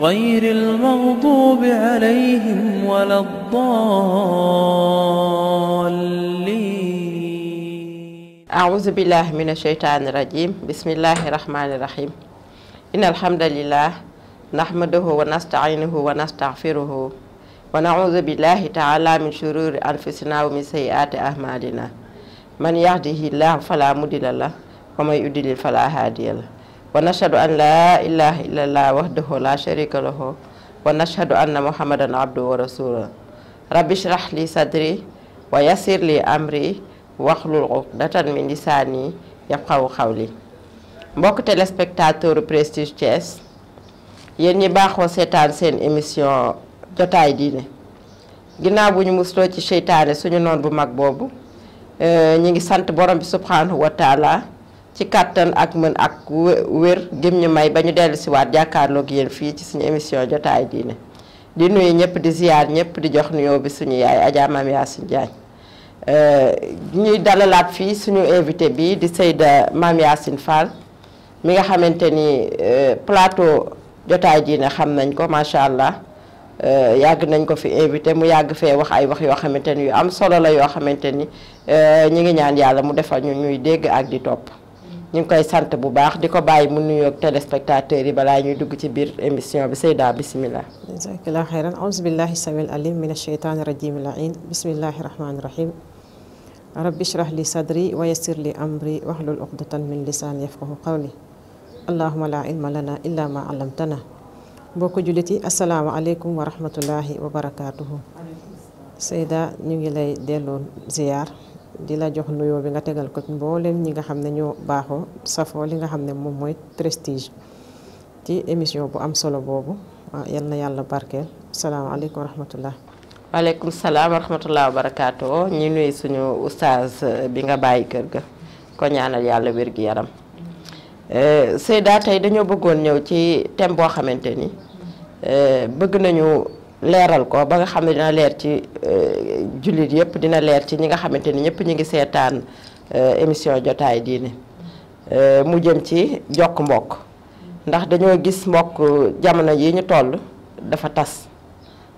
غير المغضوب عليهم ولا الضالين أعوذ بالله من الشيطان الرجيم بسم الله الرحمن الرحيم إن الحمد لله نحمده ونستعينه ونستغفره ونعوذ بالله تعالى من شرور أنفسنا ومن سيئات أعمالنا من يهده الله فلا مضل له ومن يضلل فلا هادي له wa nashhadu an laa ilaha illallah wahdahu sharika lahu wa nashhadu anna muhammadan abduhu wa rasuluhu rabbi shrah li sadri wa yassir li amri waxlul uqdatan min lisaani yafqahu xawli mbokk téléspectateur Prestige Thiès yéen ñi baaxoo seetaan seen émission jotaay diine ginnaaw bu ñu musloo ci seytaane suñu noon bu mag boobu euh, ñu ngi sant borom bi subhanahu wa ci kàttan ak man ak wér gem ñu may bañu ñu ci si jakarlo gi yeen fi ci suñu émission jotaay diine di nuyu ñepp di ziar ñepp di jox nuyo bi suñu yaay Adja yassin jaay euh ñuy dalalat fi suñu invité bi di Seyda mam yassin Fall mi nga xamanteni euh, plateau jotaay diine xam nañ ko sha allah euh, yag nañ ko fi invité mu yag fee wax ay wax yo xamanteni yu am solo la yo xamanteni euh ñi ngi ñaan yalla mu defal ñu ñuy dégg ak di top. ñu koy sant bu baax diko ko bàyyi mu ak téléspectateurs yi bala ñuy dugg ci bir émission bi sayda bismillah jazakallah khairan a'udhu billahi samil alim minash shaitani rajim lain bismillahir rahmanir rahim rabbi shrah li sadri wa yassir li amri wa hlul uqdatan min lisani yafqahu qawli allahumma la ilma lana illa ma allamtana mbokk juliti assalamu alaykum wa rahmatullahi wa barakatuh sayda ñu ngi lay delloo ziar di la jox nuyoo bi nga tegal ko mboolem ñi nga xam ne ñoo baaxoo safoo li nga xam ne moom mooy prestige ci émission bu am solo boobu ah, yal na yàlla barkeel salaamaaleykum wa rahmatullah waaleykum salaam wa rahmatullah ñu nuyu suñu eh, bi nga bàyyi kër ga ko ñaanal yàlla wér gi yaram eh, Seyda tey dañoo bëggoon ñëw ci thème boo xamante ni eh, bëgg nañu leral ko ba nga xamne dina leer ci euh, julit yëpp dina leer ci ñi nga xamante ni ñëpp ñu ngi seetaan euh, émission jotaay diine euh, mu jëm ci jokk mbokk ndax dañoo gis mbokk jamono yi ñu toll dafa tass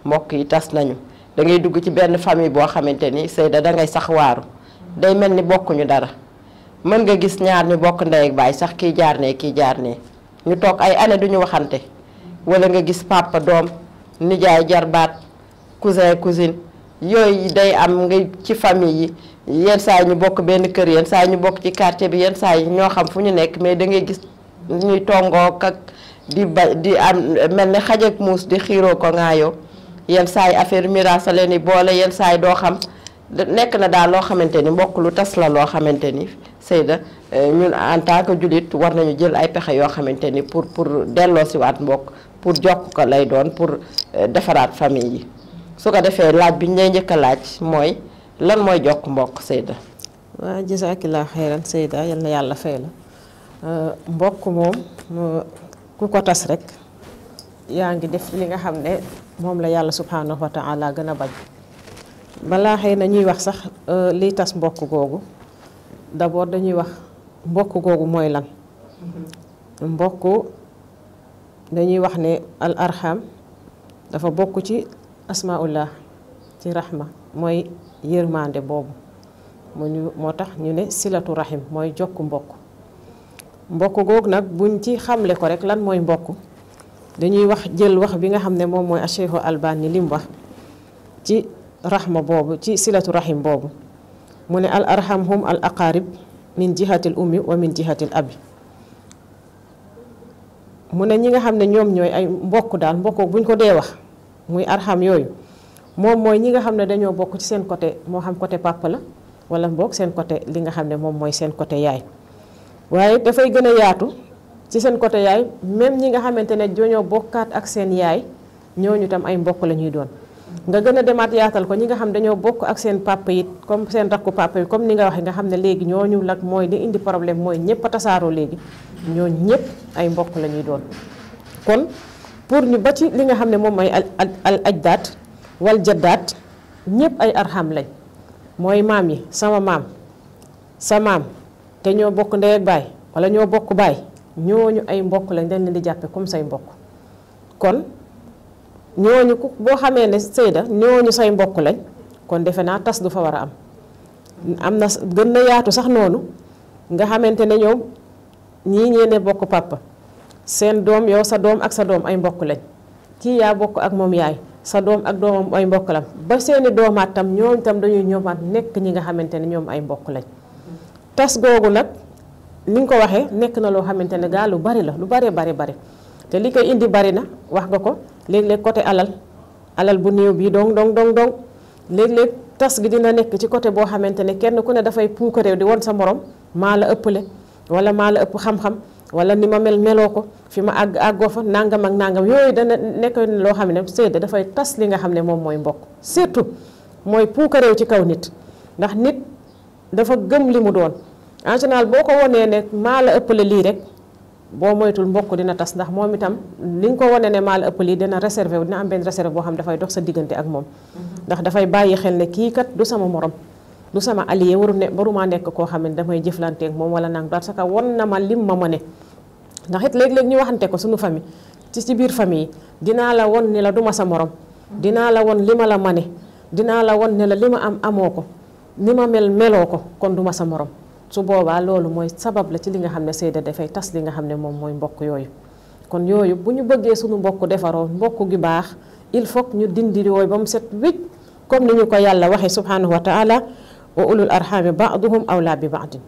mbokk yi tass nañu da ngay dugg ci benn famille bo xamanteni ni Seyda da ngay sax waaru day melni ni ñu dara mën nga gis ñaar ñu bokk nday ak bay sax ki jaar ne ki jaar ne ñu tok ay ane duñu waxante wala nga gis papa dom nijaay jarbaat cousin cousine yooyu day am nga ci famille yi yenn saa ñu bokk benn kër yenn saa ñu bokk ci quartier bi yenn saa yi ñoo xam fu ñu nekk mais da ngay gis ñuy tongook ak di ba di am mel ni xaj ak muus di xiiroo ko ngaayoo yenn saa yi affaire miraas a leen di boole yenn saay doo xam nekk na daal loo xamante ni mbokk lu tas la loo xamante ni Seyda eh, ñun en tant que jullit war nañu jël ay pexe yoo xamante ni pour pour delloo si waat mbokk pour jokk ko lay doon pour euh, defaraat famille yi su ko defee laaj bi ñu lay njëkk laaj mooy lan mooy jokk mbokk Seyda. waaw jazaakillah xayran Seyda yal na yàlla fay la euh, mbokk moom euh, ku ko tas rek yaa ngi def li nga xam ne moom la yàlla subhaanahu wa taala gën a bañ balaa xëy na ñuy wax sax liy tas mbokk googu d'abord dañuy wax mbokk googu mooy lan mm-hmm. mbokk. dañuy wax ne al arham dafa bokk ci asmaullah ci rahma mooy yërmande boobu mu ñu moo tax ñu ne silatu rahim mooy jokk mbokk mbokk googu nag buñ ci xamle ko rek lan mooy mbokk dañuy wax jël wax bi nga xam ne moom mooy acheikhu albani li mu wax ci rahma boobu ci silatu rahim boobu mu ne al arham hum al aqarib min jihati al ummi wa min jihati al abi mu ne ñi nga xam ne ñoom ñooy ay mbokk daal mbokk buñ ko dee wax muy arxam yooyu moom mooy ñi nga xam ne dañoo bokk ci seen côté moo xam côté papa la wala mbokk seen côté li nga xam ne moom mooy seen côté yaay waaye dafay gën a yaatu ci seen côté yaay même ñi nga xamante ne dañoo bokkaat ak seen yaay ñooñu tam ay mbokk la ñuy doon nga gën a demaat yaatal ko ñi nga xam dañoo bokk ak seen papa it comme seen rakku papa yi comme ni nga waxee nga xam ne léegi ñooñu nag mooy li indi problème mooy ñëpp a tasaaroo léegi ñooñu ñëpp ay mbokk la ñuy doon kon pour ñu ba ci li nga xam ne moom mooy al ajdaat wal jaddaat ñëpp ay arxam lañ mooy maam yi sama maam sa maam te ñoo bokk ndey baay wala ñoo bokk baay ñooñu ay mbokk lañ dañ leen di jàppe comme say mbokk kon ñooñu ku boo xamee ne Seyda ñooñu say mbokk lañ kon defe naa tas du fa war a am am na gën na yaatu sax noonu nga xamante ne ñoom ñii ñeene bokk papa seen doom yow sa doom ak sa doom ay mbokk lañ kii yaa bokk ak moom yaay sa doom ak doomam ay mbokk lam ba seeni doomaat tam ñooñu dañuy ñoomaat nekk ñi nga xamante ne ñoom ay lañ tas googu nag ni ko waxee nekk na loo xamante ne gaa lu bari la lu bari bari bari te li koy indi bari na wax nga ko léegi léeg côté alal alal bu néew bii dong dong dong dong léeg-léeg tas gi dina nekk ci côté boo xamante ne kenn ku ne dafay puukaréew di won sa morom maa la ëppale wala maa la ëpp xam-xam wala ni ma mel meloo ko fi ma àgg àggoo fa nangam ak nangam yooyu dana nekk loo xam ne sédd dafay tas li nga xam ne moom mooy mbokk surtout mooy puukaréew ci kaw nit ndax nit dafa gëm li mu doon en boo ko wonee ne maa la ëppale lii rek boo moytul mbokk dina tas ndax moom itam li nga ko wane ne maal la ëpp lii dina réservé wu dina am benn réserve boo xam dafay dox sa diggante ak moom mhm. ndax dafay bàyyi xel ne kii kat du sama morom du sama allié waru ne waruma nekk koo xam ne damay jëflante moom wala nang parce que won na ma lim ma mëne ndax it léeg-léeg ñu waxante ko suñu famille ci ci biir famille dinaa la won ne la du ma sa morom dinaa la won li ma la mëne dinaa la won ne la li ma am amoo ko li ma mel meloo ko kon du ma sa morom su boobaa loolu mooy sabab la ci li nga xam ne sey dafay tas li nga xam ne moom mooy mbokk yooyu kon yooyu bu ñu bëggee suñu mbokk defaroo mbokk gi baax il faut ñu dindi yooyu ba mu set wécc comme ni ñu ko yàlla waxee subhanahu wa taala wa ulul arxaami baaduhum awlaa bi baadin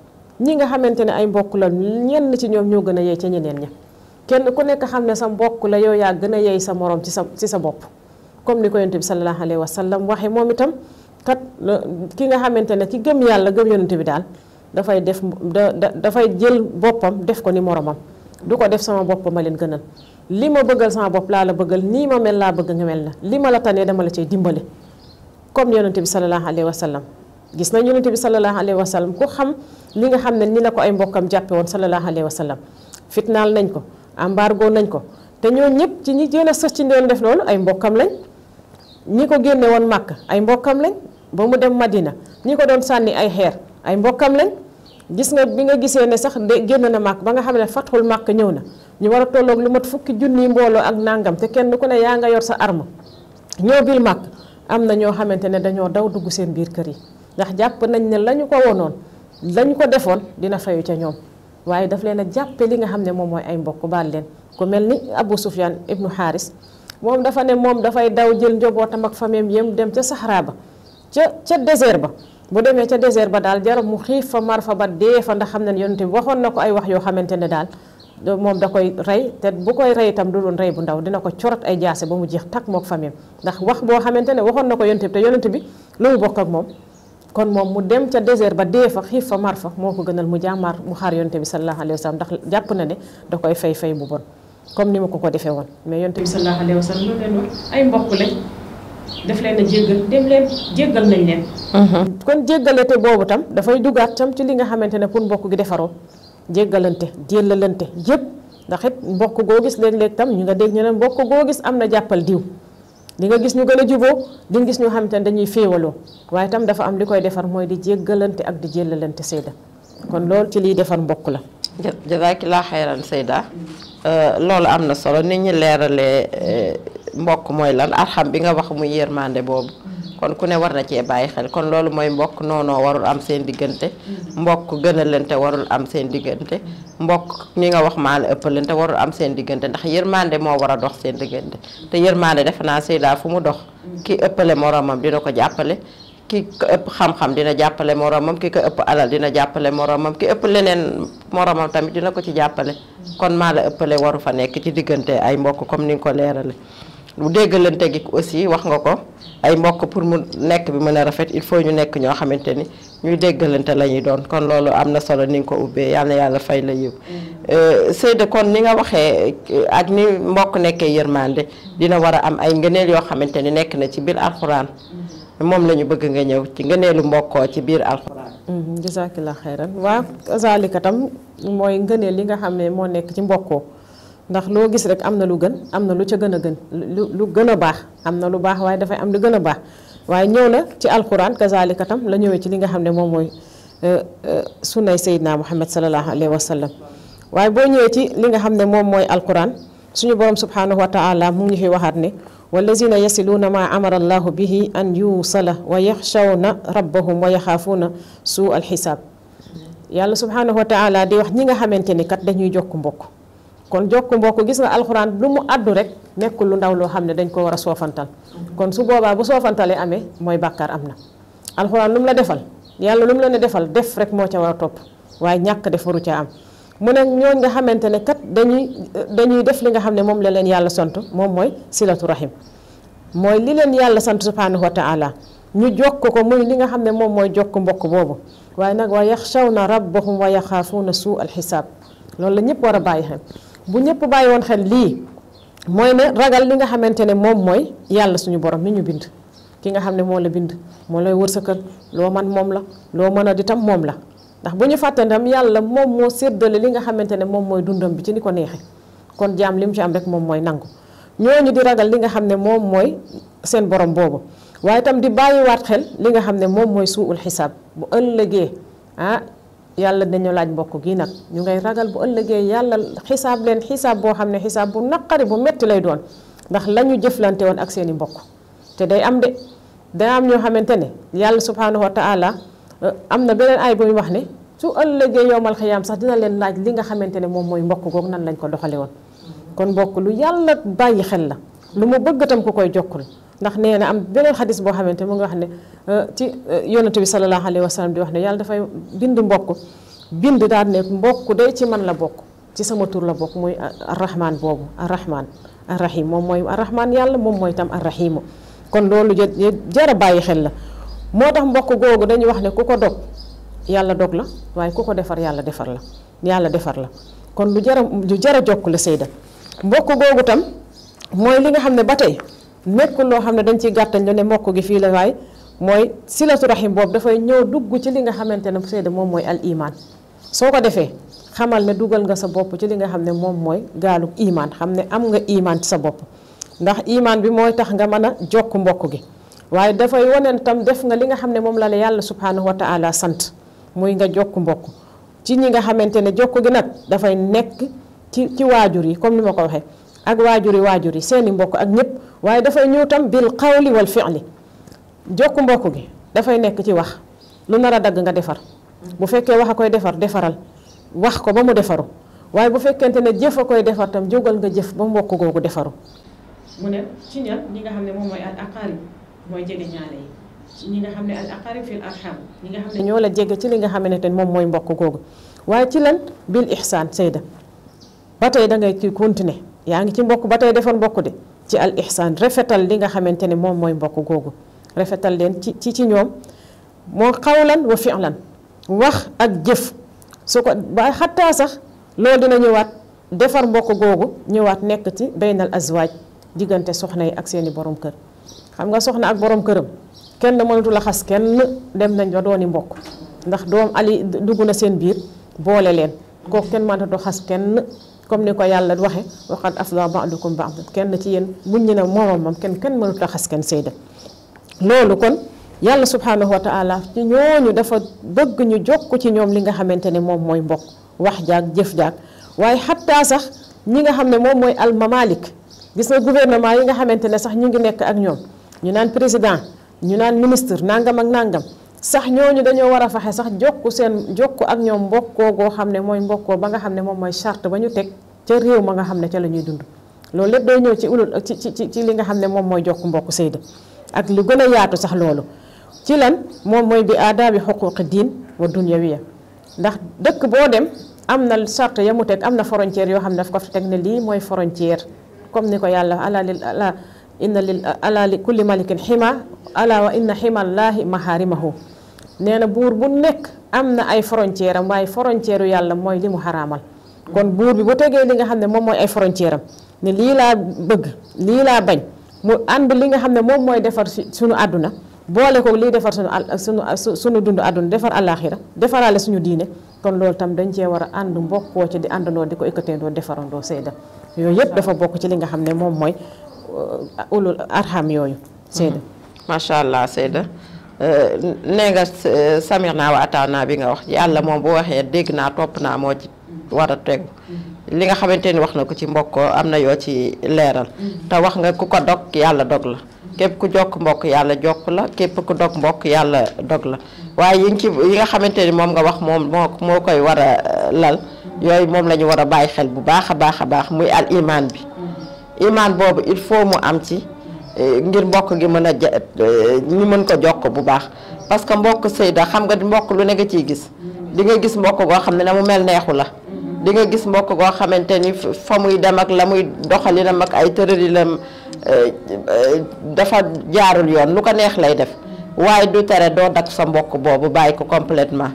ñi nga xamante ne ay mbokk la ñenn ci ñoom ñoo gën a yey ca ñeneen ña kenn ku nekk xam ne sa mbokk la yow yaa gën a yey sa morom ci sa sa bopp comme ni ko yonent bi sallallahu alayhi wa sallam waxe moom itam kat ki nga xamante ne ki gëm yàlla gëm yonent bi daal dafay def da dafay jël boppam def ko ni moroomam du ko def sama bopp ma leen gënal li ma bëggal sama bopp laa la bëggal nii ma mel laa bëgg nga mel na li ma la tanee dama la cay dimbale comme yonente bi salallahu alayhi wa sallam gis nañ yonente bi salallahu alayhi wa sallam ku xam li nga xam ne ni la ko ay mbokkam jàppe woon salallahu alayhi wa sallam fitnaal nañ ko embargo nañ ko te ñoo ñëpp ci ñi jël a sës ci doon def loolu ay mbokkam lañ ñi ko génne woon màkk ay mbokkam lañ ba mu dem madina ñi ko doon sànni ay xeer ay mbokkam lañ gis nga bi nga gisee ne sax de génn na màkk ba nga xam ne fatxul màkk ñëw na ñu war a tolloog lu mat fukki junni mbooloo ak nangam te kenn ko ne yaa nga yor sa arme ñëw bil màkk am na ñoo xamante ne dañoo daw dugg seen biir kër yi ndax jàpp nañ ne la ñu ko wonoon lañ ko defoon dina fayu ca ñoom waaye daf leen a jàppe li nga xam ne moom mooy ay mbokk baal leen ko mel ni Abu Sufyan ibnu Xaaris moom dafa ne moom dafay daw jël njobootam ak famem yëm dem ca saxaraa ba ca ca désert ba bu demee ca désert ba daal jarab mu xiif fa mar fa ba dee fa ndax xam ne yonent bi waxoon na ko ay wax yoo xamante ne daal moom da koy rey te bu koy rey itam du doon rey bu ndaw dina ko corot ay jaase ba mu jeex takk mook famille ndax wax boo xamante ne waxoon na ko yonent bi te yonent bi lu mu bokk ak moom kon moom mu dem ca désert ba dee fa xiif fa mar fa moo ko gënal mu jàmmaar mu xaar yonent bi sallallahu alayhi wa sallam ndax jàpp na ne da koy fay fay bu bon comme ni ma ko ko defee woon mais yonent bi sallallahu alayhi wa sallam loolu leen wax daf leen a jéggal dem leen jéggal nañ leen. Mhm. kon jéggalante boobu tam dafay duggaat tam ci li nga xamante ne pour mbokk gi defaroo jéggalante jéllalante yëpp ndax it mbokk goo gis léeg-léeg tam ñu nga dégg ñu mbokk goo gis am na jàppal diw. li nga gis ñu gën a juboo di gis ñoo xamante ne dañuy féewaloo waaye tam dafa am li koy defar mooy di jéggalante ak di jéllalante Seyda kon loolu ci liy defar mbokk la. jazaaki laa xayran Seyda euh, loolu am na solo nit ñi leerale euh, mbokk mooy lan arxam bi nga wax muy yërmande boobu mm-hmm. kon ku ne war na cee bàyyi xel kon loolu mooy mbokk noonoo warul am seen diggante mm-hmm. mbokk gënalante warul am seen diggante mm-hmm. mbokk ni nga wax maa la ëppalante warul am seen diggante ndax yërmande moo war a dox seen diggante te yërmande defe naa Seyda fu mu dox ki ëppale moromam dina ko jàppale ki ëpp xam-xam dina jàppale moromam ki ko ëpp alal dina jàppale moromam ki ëpp leneen moromam tamit dina ko ci jàppale kon maa la ëpp ëppale waru fa nekk ci diggante ay mbokk comme ni nga ko leerale lu déggalante gi aussi wax nga ko ay mbokk pour mu nekk bi mën a rafet il faut ñu nekk ñoo xamante ni ñuy déggalante la ñuy doon kon loolu am na solo ni nga ko ubbee yàlla yàlla fay la yiw mm. euh, Seyda kon ni nga waxee ak ni mbokk nekkee yërmande dina war a am ay ngëneel yoo xamante ni nekk na ci biir alxuraan mm. moom lañu bëgg nga ñëw ci ngëneelu mbokkoo ci biir alxuraan. Mm, jazaakillah xayran waa zalika tam mooy li nga xam ne moo nekk ci mbokkoo ndax loo gis rek am na lu gën am na lu ca gën a gën lu lu gën a baax am na lu baax waaye dafay am lu gën a baax waaye ñëw na ci alquran kazalika la ñëwee ci li nga xam ne moom mooy euh, euh, sunnay sayidna muhammad salallahu alayhi wa sallam waaye boo ñëwee ci li nga xam ne moom mooy alquran suñu borom subhanahu wa taala mu ngi fi waxaat ne wallazina yasiluuna maa amara allahu bihi an yuusala wa na rabbahum wa yaxaafuuna suu alxisaab yàlla subhanahu wa taala di wax ñi nga xamante ni kat dañuy jokk mbokk kon jokku mbokk gis nga alxuraan lu mu addu rek nekkul lu ndaw loo xam ne dañ ko war a soofantal kon su boobaa bu soofantalee amee mooy bàkkaar am na alxuraan lu mu la defal yàlla lu mu la ne defal def rek moo ca war a topp waaye ñàkk def waru ca am mu ne ñooñ nga xamante ne kat dañuy dañuy def li nga xam ne moom la leen yàlla sant moom mooy silatu rahim mooy li leen yàlla sant subhanahu wa taala ñu jokk ko muy li nga xam ne moom mooy jokk mbokk boobu waaye nag wa yaxshawna rabbahum wa yaxaafuuna suu al xisaab loolu la ñëpp war a bàyyi xel bu ñëpp bàyyi woon xel lii mooy ne ragal li nga xamante ne moom mooy yàlla suñu borom mi ñu bind ki nga xam ne moo la bind moo lay wërsëkal loo man moom la loo mën a ditam moom la ndax bu ñu fàtte ndam yàlla moom moo séddale li nga xamante ne moom mooy dundam bi ci ni ko neexee kon jaam li mu ci am rek moom mooy nangu ñooñu di ragal li nga xam ne moom mooy seen borom boobu waaye itam di bàyyiwaat xel li nga xam ne moom mooy suul xisaab bu ëllëgee ah, yàlla dañu laaj mbokk gi nag ñu ngay ragal bu ëllëgee yàlla xisaab leen xisaab boo xam ne xisaab bu naqari bu metti lay doon ndax la ñu jëflante woon ak seeni mbokk te day am de day am ñoo xamante ne yàlla subhaanahu wa taala euh, am na beneen ay bu ñu wax ne su ëllëgee yowmal xiyaam sax dina leen laaj li nga xamante ne moom mooy mbokk googu nan lañ ko doxale woon kon mbokk lu yàlla bàyyi xel la lu mu bëgg tam ku koy jokkul ndax nee na am beneen xadis boo xamante mu ngi wax ne euh, ci euh, yonent bi sallallahu alayhi wa sallam di wax ne yàlla dafay bind mbokk bind daal ne mbokk day ci man la bokk ci sama tur la bokk mooy muy arrahman boobu arrahman arrahim moom mooy arrahman yàlla moom mooy tam arrahimu kon loolu jar a bàyyi xel la moo tax mbokk googu dañuy wax ne ku ko dog yàlla dog la waaye ku ko defar yàlla defar la yàlla defar la kon lu jar a lu jar a jokk la sayda mbokk tam mooy li nga xam ne ba tey nekkul loo xam ne dañ ciy gàttañ lu ne mbokk gi fii la waay mooy si silatu rahim boobu dafay ñëw dugg ci li nga xamante ne seede moom mooy al iman soo ko defee xamal ne dugal nga sa bopp ci li nga xam ne moom mooy gaalu iman xam ne am nga iman sa bopp ndax imaan bi mooy tax nga mën a jokk mbokk gi waaye dafay waneen tam def nga li nga xam ne moom la la yàlla subhanahu wa taala sant muy nga jokk mbokk ci ñi nga xamante ne jokk gi nag dafay nekk ci ci waajur yi comme li ma ko waxee ak waajuri waajur yi seeni mbokk ak ñëpp waaye dafay ñëw tam bil qawli wal fi'li jokk mbokk gi dafay nekk ci wax lu nar a dagg nga defar bu fekkee wax a koy defar defaral wax ko ba mu defaru waaye bu fekkente ne jëf koy defar tam jógal nga jëf ba mbokk googu defaru mu ne ci ñan nga xam ne moom mooy al aqarib xam ne al fil arham ñoo la jege ci li nga xam ne te moom mooy mbokk googu waaye ci lan bil ihsaan sayda ba tey da ngay kii continuer yaa ngi ci mbokk ba tey defal mbokk de ci al ihsaan rafetal li nga xamante ne moom mooy mbokk googu rafetal leen ci ci ci ñoom moo xawlan wa fi'lan wax ak jëf su ko ba xattaa sax loolu dina ñëwaat defar mbokk googu ñëwaat nekk ci baynal azwaaj diggante soxna yi ak seeni borom kër xam nga soxna ak boroom këram kenn mënatu la xas kenn dem nañ ba dooni mbokk ndax doom ali dugg na seen biir boole leen kooku kenn mënatu xas kenn comme ni ko yàlla waxe waqad afla ba'dukum ba'dan kenn ci yéen buñ ñu ne moromam kenn kenn mënut taxas xas kenn say dem loolu kon yàlla subhanahu wa ta'ala ci ñooñu dafa bëgg ñu jokk ci ñoom li nga xamante ne moom mooy mbokk wax jaag jëf jaag waaye xattaa sax ñi nga xam ne moom mooy almamalik gis nga gouvernement yi nga xamante ne sax ñu ngi nekk ak ñoom ñu naan président ñu naan ministre nàngam ak nangam. sax ñooñu dañoo war a faxe sax jokku seen jokku ak ñoom mbokkoo goo xam ne mooy mbokkoo ba nga xam ne moom mooy charte ba ñu teg ca réew ma nga xam ne ca la ñuy dund loolu la day ñëw ci ulul ci ci ci li nga xam ne moom mooy jokk mbokk Seyda ak lu gën a yaatu sax loolu ci lan moom mooy bi aadaabi xuquqi diin wa ya ndax dëkk boo dem am na charte ya mu teg am na frontière yoo xam ne daf ko fi teg ne lii mooy frontière comme ni ko yàlla ala lil ala inna lil ala li kulli malikin xima ala wa inna ximallaahi nee na buur bu nekk am na ay frontière am waaye frontière yàlla mooy li mu xaraamal kon buur bi bu tegee li nga xam ne moom mooy ay frontière am ne lii laa bëgg lii laa bañ mu ànd li nga xam ne moom mooy defar suñu àdduna boole ko liy defar sunu sunu sunu dund àdduna defar àllaaxira defaraale suñu diine kon loolu tam dañ cee war ànd mbokkoo ci di àndandoo di ko ëkkateendoo defarandoo seeda yooyu dafa bokk ci li nga xam ne moom ulul arham yooyu seeda macha allah seeda Euh, nee nga euh, samir naa wa bi nga wax yàlla moom boo waxee dégg naa topp naa moo ci war a tegu li nga xamante ni wax na ko ci mbokk am na yoo ci leeral te wax nga ku ko dog yàlla dog la képp ku jokk mbokk yàlla jokk la képp ku dog mbokk yàlla dog la waaye yi nga ci yi nga xamante ni moom nga wax moom moo moo koy war a euh, lal yooyu moom la war a bàyyi xel bu baax a baax a baax muy al imaan bi imaan boobu il faut mu am ci Eh, ngir mbokk gi mën a ja eh, ñu mën ko jokk bu baax parce que mbokk Seyda xam nga mbokk lu nekk nga ciy gis di nga gis mbokk goo xam ne na mu mel neexu la di nga mbokk goo xamante ni fa muy dem ak la muy doxalinam ak ay tërërilam eh, dafa jaarul yoon lu ko neex lay def waaye du tere doo dak sa mbokk boobu bàyyi ko completement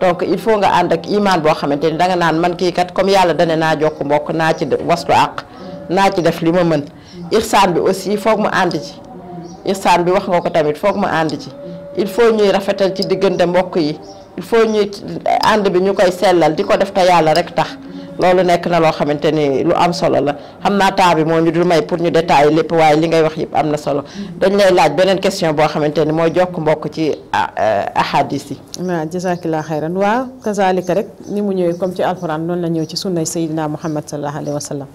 donc il faut nga ànd ak imaan boo xamante ni danga naan man kii kat comme yàlla dane naa jokk mbokk naa ci wastu àq naa ci def li ma mën ihsaan bi aussi foog mu ànd ci ihsaan bi wax nga ko tamit foog mu ànd ci il faut ñuy rafetal ci diggante mbokk yi il faut ñuy ànd bi ñu koy sellal di ko def te yàlla rek tax loolu nekk na loo xamante ni lu am solo la xam naa temps bi moo ñu dul may pour ñu détailler lépp waaye li ngay wax yëpp am na solo dañ lay laaj beneen question boo xamante ni mooy jokk mbokk ci ahadis yi waaw jazaakilaa xayran waaw kazalika rek ni mu ñëwee comme ci alxuraan noonu la ñëw ci sunnay sayyidina muhammad sallallahu alayhi wa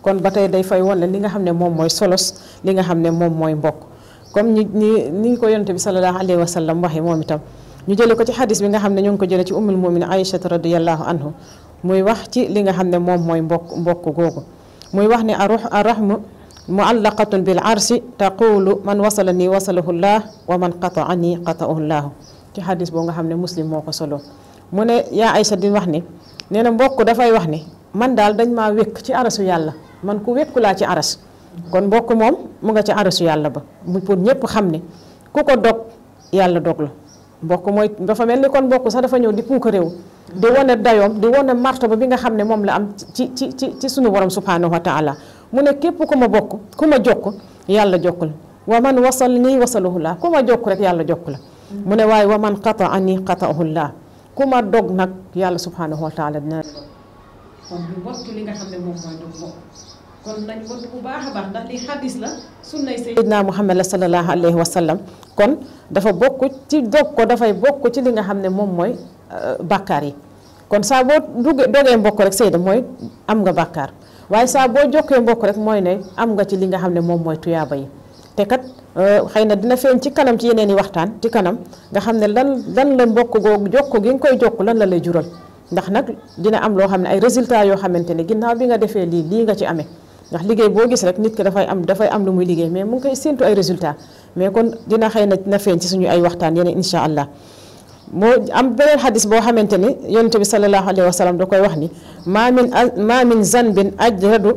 kon batay day fay wane li nga xamne mom moy solos li nga xamne mom moy mbok comme ñi ñi ni ni ni ko yonte bi sallallahu alayhi wa sallam waxee moom itam ñu jël ko ci hadith bi nga xamne ne ñu ko jël ci ummul mumin aisha radhiyallahu anhu muy wax ci li nga xamne mom moy mbok mbok gogo muy wax ni aruh arham muallaqatun bil arsi taqulu man wasalani wasalahu allah wa man qata'ani qataahu allah ci hadith bo nga xamne muslim moko solo mune ya aisha di wax ni neena mbok da fay wax ni man daal dañ maa wékk ci arasu yàlla man ku wékku laa ci aras kon mbokk moom mu nga ci arasu yàlla ba mu pour ñëpp xam ne ku ko dog yàlla dog la mbokk mooy dafa mel ni kon mbokk sax dafa ñëw di puuk réew di wane dayoom di wane martaba bi nga xam ne moom la am ci ci ci ci sunu borom subhanahu wa taala mu ne képp ku ma bokk ku ma jokk yàlla jokk la wa man wasal nii wasaluhu laa ku jokk rek yàlla jokk la mu ne waaye wa man qata ani qataahu laa ku ma dog nag yàlla subhanahu wa taala dina kon ñu wattu li nga xam ne moom mooy dox bopp kon nañ wattu bu baax a baax ndax li xadis la sunnay Seydina Muhammad la sallallahu alayhi wa sallam kon dafa bokk ci dog ko dafay bokk ci li nga xam ne moom mooy euh, bàkkaar yi kon saa boo duggee dogee mbokk rek Seyda mooy am nga bàkkaar waaye saa boo jokkee mbokk rek mooy ne am nga ci li nga xam ne moom mooy tuyaaba yi te kat euh, xëy na dina feeñ ci kanam ci yeneen i waxtaan ci kanam nga xam ne lan lan la mbokk googu jokk gi nga koy jokk lan la lay jural ndax nak dina am lo xamne ay resultat yo xamantene ginnaw bi nga defé li li nga ci amé ndax liggéey bo gis rek nit ki da fay am da fay am lu muy liggéey mais mu ngi sentu ay resultat mais kon dina xeyna na na feeñ ci suñu ay waxtaan yene incha allah moo am benen hadith bo xamantene yonnte bi sallallahu alayhi wa sallam da koy wax ni ma min ma min zanbin ajradu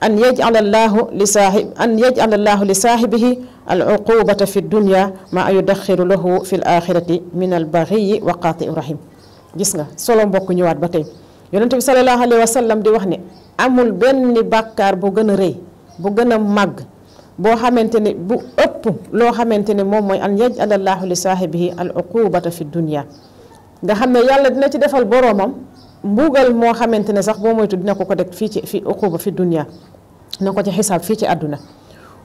an yaj'al allah li sahib an yaj'al allah li sahibihi al uqubata fi dunya maa yudaxiru lahu fi l axirati min al baxiyi wa qaati rahim gis nga solo mbokk ñëwaat ba tey yonent bi sallallahu alayhi wa sallam di wax ni amul benn bàkkaar bu gën a rëy bu gën a màgg boo xamante ni bu ëpp loo xamante ne moom mooy an yaj alallaahu li saahibihi al uqubata fi dunia nga xam ne yàlla dina ci defal boroomam mbugal moo xamante ne sax boo moytu dina ko ko def fii ci fi uquba fi dunia dina ko ci xisaab fii ci àdduna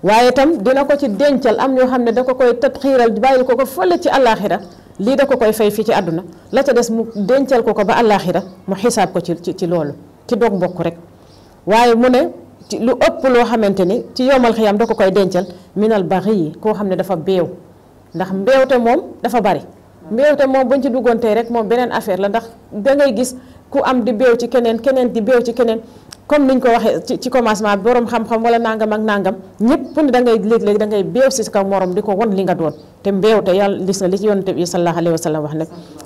waaye tam dina ko ci dencal am ñoo xam ne da ko koy tat xiiral bàyyil ko ko fële ci àllaaxira lii da ko koy fay fii ci àdduna la ca des mu dencal ko ko ba àllaaxira mu xisaab ko ci ci loolu ci dog bokk rek waaye mu ne ci lu ëpp loo xamante ni ci yomal xiyam da ko koy dencal minal bari yi koo xam ne dafa beew ndax mbeewte moom dafa bari mbeewte moom buñ ci duggoon tey rek moom beneen affaire la ndax da ngay gis ku am di beew ci keneen keneen di beew ci keneen comme niñ ko waxee ci commencement bi xam-xam wala nangam ak nangam ñëpp ni da ngay léeg-léeg da ngay beew si kaw morom di ko won li nga doon te mbeew te yàlla lis na li ci yonent bi sallallahu alayhi wa sallam wax ne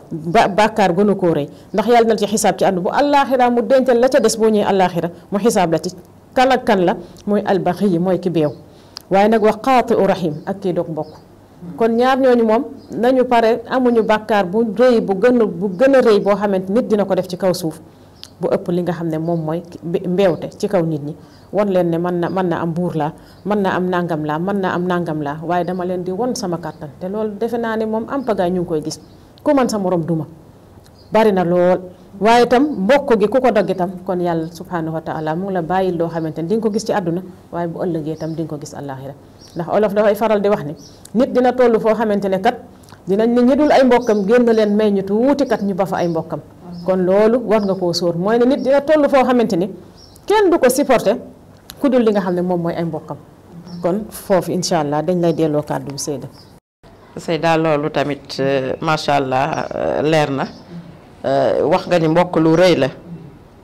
ba bàkkaar gënu koo rëy ndax yàlla na ci xisaab ci ànd bu àllaaxira mu dencal la ca des boo ñëwee àllaaxira mu xisaab la ci kan ak kan la mooy albaxi yi mooy ki beew waaye nag wax qaati u rahim ak kii dog mbokk kon ñaar ñooñu moom nañu pare amuñu bàkkaar bu rëy bu gën bu gën a rëy boo xamante nit dina ko def ci kaw suuf bu ëpp li nga xam ne moom mooy mbeewte ci kaw nit ñi won leen ne man na mën na am buur laa mën na am nangam laa mën na am nangam laa waaye dama leen di won sama kàttan te loolu defe naa ne moom am pagaay ñu ngi koy gis ku man sa morom duma bari na lool waaye itam mbokk gi ku ko dog itam kon yàlla subhanahu wa taala mu ngi la bàyyi loo xamante ne di ko gis ci àdduna waaye bu ëllëgee itam di ko gis àllaaxira ndax olof dafay faral di wax ni nit dina toll foo xamante ne kat dinañ ne ñi dul ay mbokkam leen may ñu kat ñu ba fa ay mbokkam kon loolu war nga koo sóor mooy na nit dina toll foo xamante ni kenn du ko supporté ku dul li nga xam ne moom mooy ay mbokkam kon foofu incha allah dañ lay delloo kàddu bu Seyda Seyda loolu tamit euh, macha allah euh, leer na euh, wax nga ni mbokk lu rëy la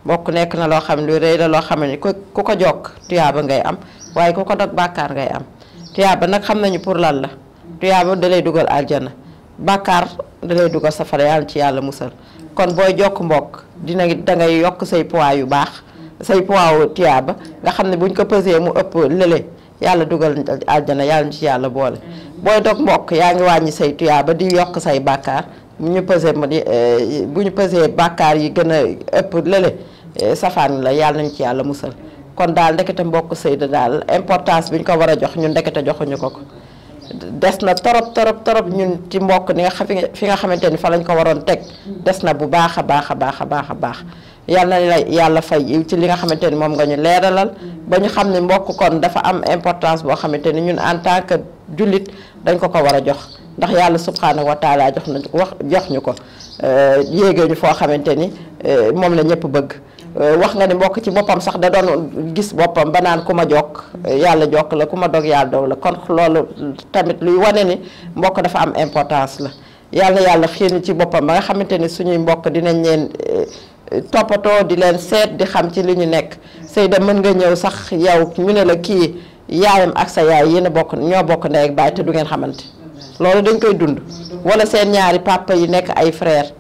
mbokk nekk na loo xam ne lu rëy la loo xam ne ku ko jokk tuyaaba ngay am waaye ku ko dog bàkkaar ngay am tuyaaba nag xam nañu pour lan la tuyaaba dalay dugal aljana bàkkaar dalay dugal safara yàlla ci yàlla musal kon booy jokk mbokk dina dangay yokk say poids yu baax say poids ba nga xam ne buñ ko pesee mu ëpp lële yàlla dugal àjjana yàlla ñu ci yàlla boole booy dog mbokk yaa ngi wàññi say ba di yokk say bàkkaar bu ñu pesee eh, bu ñu pesee bàkkaar yi gën a ëpp lële eh, safaan la yàlla nañ ci yàlla musal kon daal ndekete mbokk sëy daal importance bi ñu ko war a jox ñun ndekete joxuñu ko ko des na torop torop torop ñun ci mbokk ni nga xam fi nga xamante ni fa lañ ko waroon teg mm. des na bu baax a baax a baax a baax a baax yàlla na la yàlla fay ci li nga xamante ni moom nga ñu leeralal mm. ba ñu xam ne mbokk kon dafa am importance boo xamante ni ñun en tant que jullit dañ ko ko war a jox ndax yàlla subhanahu wa taala jox na wax jox ñu ko euh, yéegee ñu foo xamante ni euh, moom la ñëpp bëgg Eh, wax na ni mbok ci bopam sax da doon gis bopam banan kuma ku ma jokk eh, yàlla la kuma dog yalla dog la kon lolu tamit luy wane ni mbok dafa am importance la yalla yalla xiinu ci bopam ba nga xamanteni ni suñuy mbok dinañ leen eh, topato di leen set di xam ci li ñu sey da mën nga ñew sax yaw ñu ne la ki yaayam ak sa yaay yéen a bokk ñoo bokk ndey ak baay te du ngeen xamanteni lolu dañ koy dund wala seen ñaari papa yi nekk ay frère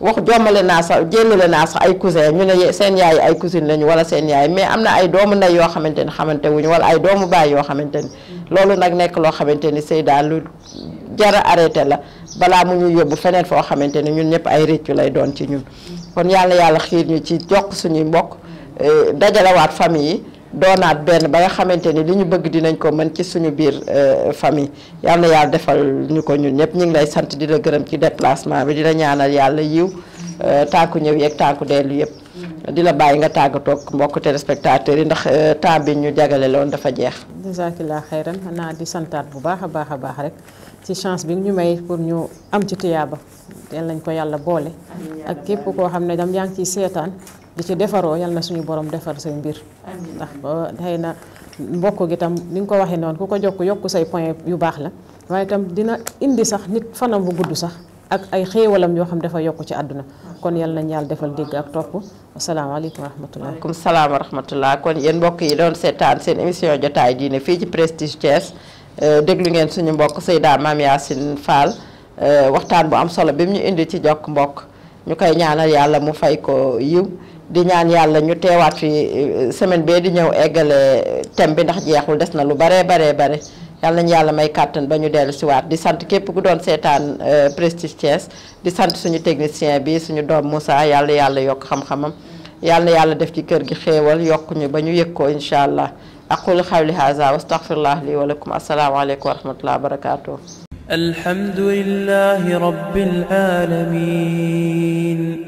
wax jommale naa sax jëlale naa sax ay cousin ñu ne seen yaay ay cousine lañu wala seen yaay mais am na ay doomu ndey yoo xamante ni xamante wuñu wala ay doomu baay yoo xamante ni mm. loolu nag nekk loo xamante ni Seyda lu jara arrêté la balaa mu ñu yóbbu feneen foo xamante ni ñun ñëpp ay réccu lay doon ci ñun mm. kon yàlla yàlla xiir ñu ci jokk suñuy mbokk mm. eh, dajalewaat famille yi doonaat benn ba nga xamante ni li ñu bëgg dinañ ko mën ci suñu biir euh, famille yal na yàlla defal ñu ko ñun ñëpp ñu ngi lay sant di la gërëm ci déplacement bi di la ñaanal yàlla yiw euh, tànku ñëw yeeg tànku dellu yëpp di la bàyyi nga tàggatoog mbokk téléspectateurs yi ndax euh, temps bi ñu jagale loon dafa jeex jazaakilaa xayran xanaa di santaat bu baax a baax a baax rek ci chance bi ñu may pour ñu am ci ba teel lañ ko yàlla boole ak képp koo xam ne dam yaa ngi ciy seetaan di ci defaroo yal na suñu borom defar say mbir ndax xëy na mbokk gi tam ni nga ko waxee noonu ku ko jokk yokk say point yu baax la waaye tam dina indi sax nit fanam bu gudd sax ak ay xéewalam yoo xam dafa yokk ci àdduna kon yal na yàlla defal dégg ak topp asalaamaaleykum wa rahmatullah salaam wa kon yéen mbokk yi doon seetaan seen émission jotaay diine fii ci Prestige Thiès euh, déglu ngeen suñu mbokk Seyda mam yasin Fall euh, waxtaan bu am solo bi mu ñu indi ci jokk mbokk ñu koy ñaanal yàlla mu fay ko yiw di ñaan yàlla ñu teewaat fi euh, semaine bee di ñëw eggale euh, thème bi ndax jeexul des na lu baree baree bare yàlla nañu yàlla may kàttan ba ñu dellu siwaat di sant képp ku doon seetaan euh, Prestige Thiès di sant suñu technicien bi suñu doom Moussa yàlla yàlla yokk xam-xamam yàlla yàlla def ci kër gi xéewal yokk ñu ba ñu yëg ko incha allah aqulu xawli haza wa astaghfirullah li wa lakum asalaamaaleykum wa rahmatullah alhamdulillahi rabbil alamin